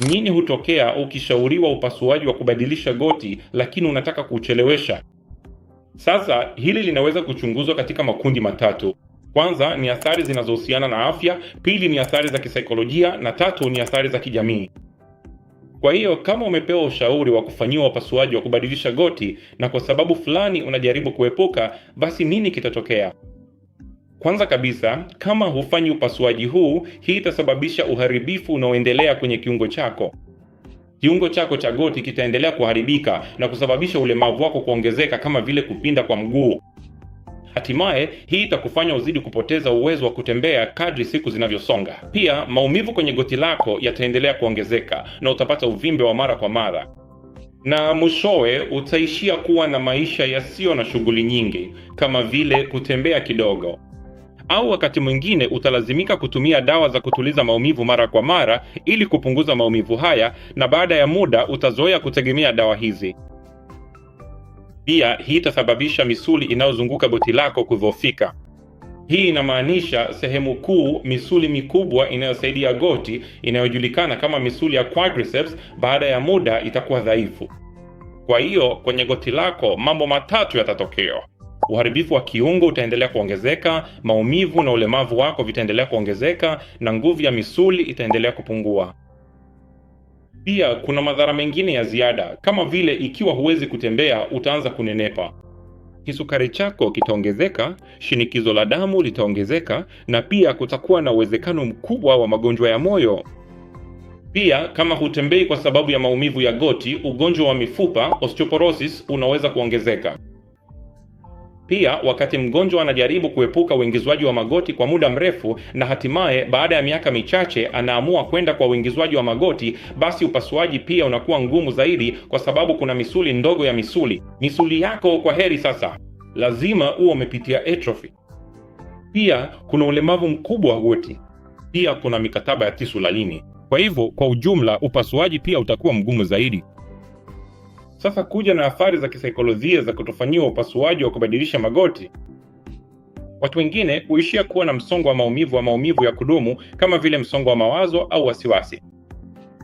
Nini hutokea ukishauriwa upasuaji wa kubadilisha goti lakini unataka kuchelewesha? Sasa hili linaweza kuchunguzwa katika makundi matatu. Kwanza ni athari zinazohusiana na afya, pili ni athari za kisaikolojia, na tatu ni athari za kijamii. Kwa hiyo kama umepewa ushauri wa kufanyiwa upasuaji wa kubadilisha goti na kwa sababu fulani unajaribu kuepuka, basi nini kitatokea? Kwanza kabisa, kama hufanyi upasuaji huu, hii itasababisha uharibifu unaoendelea kwenye kiungo chako. Kiungo chako cha goti kitaendelea kuharibika na kusababisha ulemavu wako kuongezeka kama vile kupinda kwa mguu. Hatimaye hii itakufanya uzidi kupoteza uwezo wa kutembea kadri siku zinavyosonga. Pia maumivu kwenye goti lako yataendelea kuongezeka na utapata uvimbe wa mara kwa mara, na mwishowe utaishia kuwa na maisha yasiyo na shughuli nyingi kama vile kutembea kidogo au wakati mwingine utalazimika kutumia dawa za kutuliza maumivu mara kwa mara ili kupunguza maumivu haya, na baada ya muda utazoea kutegemea dawa hizi. Pia hii itasababisha misuli inayozunguka goti lako kudhoofika. Hii inamaanisha sehemu kuu misuli mikubwa inayosaidia goti inayojulikana kama misuli ya quadriceps, baada ya muda itakuwa dhaifu. Kwa hiyo kwenye goti lako mambo matatu yatatokea uharibifu wa kiungo utaendelea kuongezeka, maumivu na ulemavu wako vitaendelea kuongezeka, na nguvu ya misuli itaendelea kupungua. Pia kuna madhara mengine ya ziada kama vile, ikiwa huwezi kutembea, utaanza kunenepa, kisukari chako kitaongezeka, shinikizo la damu litaongezeka, na pia kutakuwa na uwezekano mkubwa wa magonjwa ya moyo. Pia kama hutembei kwa sababu ya maumivu ya goti, ugonjwa wa mifupa osteoporosis unaweza kuongezeka. Pia wakati mgonjwa anajaribu kuepuka uingizwaji wa magoti kwa muda mrefu na hatimaye baada ya miaka michache anaamua kwenda kwa uingizwaji wa magoti, basi upasuaji pia unakuwa ngumu zaidi, kwa sababu kuna misuli ndogo ya misuli. Misuli yako kwa heri sasa lazima uwe umepitia atrophy. Pia kuna ulemavu mkubwa wa goti, pia kuna mikataba ya tisu la lini. Kwa hivyo, kwa ujumla upasuaji pia utakuwa mgumu zaidi. Sasa kuja na athari za kisaikolojia za kutofanyiwa upasuaji wa kubadilisha magoti. Watu wengine huishia kuwa na msongo wa maumivu wa maumivu ya kudumu kama vile msongo wa mawazo au wasiwasi.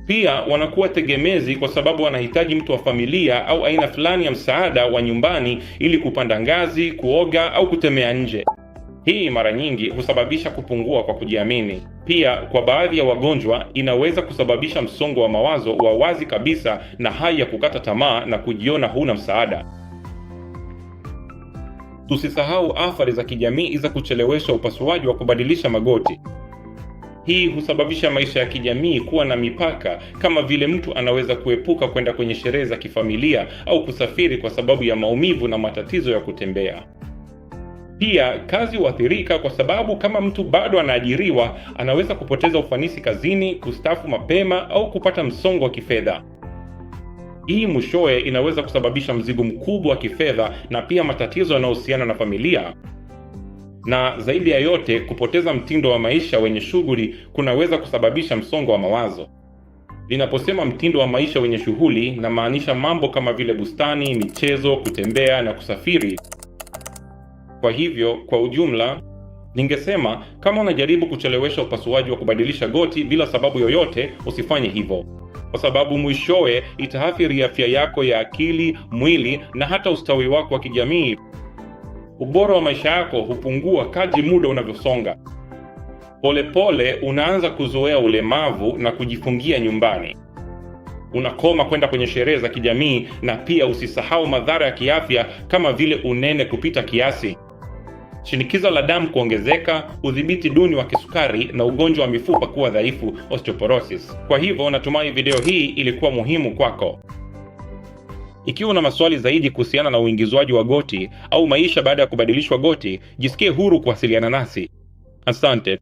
Pia wanakuwa tegemezi kwa sababu wanahitaji mtu wa familia au aina fulani ya msaada wa nyumbani ili kupanda ngazi, kuoga au kutemea nje. Hii mara nyingi husababisha kupungua kwa kujiamini pia kwa baadhi ya wagonjwa inaweza kusababisha msongo wa mawazo wa wazi kabisa na hali ya kukata tamaa na kujiona huna msaada. Tusisahau athari za kijamii za kuchelewesha upasuaji wa kubadilisha magoti. Hii husababisha maisha ya kijamii kuwa na mipaka, kama vile mtu anaweza kuepuka kwenda kwenye sherehe za kifamilia au kusafiri kwa sababu ya maumivu na matatizo ya kutembea. Pia kazi huathirika kwa sababu kama mtu bado anaajiriwa, anaweza kupoteza ufanisi kazini, kustafu mapema au kupata msongo wa kifedha. Hii mwishowe inaweza kusababisha mzigo mkubwa wa kifedha na pia matatizo yanayohusiana na familia. Na zaidi ya yote, kupoteza mtindo wa maisha wenye shughuli kunaweza kusababisha msongo wa mawazo. Ninaposema mtindo wa maisha wenye shughuli, namaanisha mambo kama vile bustani, michezo, kutembea na kusafiri. Kwa hivyo, kwa ujumla, ningesema kama unajaribu kuchelewesha upasuaji wa kubadilisha goti bila sababu yoyote, usifanye hivyo, kwa sababu mwishowe itaathiri afya yako ya akili, mwili na hata ustawi wako wa kijamii. Ubora wa maisha yako hupungua kadri muda unavyosonga. Polepole unaanza kuzoea ulemavu na kujifungia nyumbani. Unakoma kwenda kwenye sherehe za kijamii, na pia usisahau madhara ya kiafya kama vile unene kupita kiasi shinikizo la damu kuongezeka, udhibiti duni wa kisukari na ugonjwa wa mifupa kuwa dhaifu, osteoporosis. Kwa hivyo natumai video hii ilikuwa muhimu kwako. Ikiwa una maswali zaidi kuhusiana na uingizwaji wa goti au maisha baada ya kubadilishwa goti, jisikie huru kuwasiliana nasi. Asante.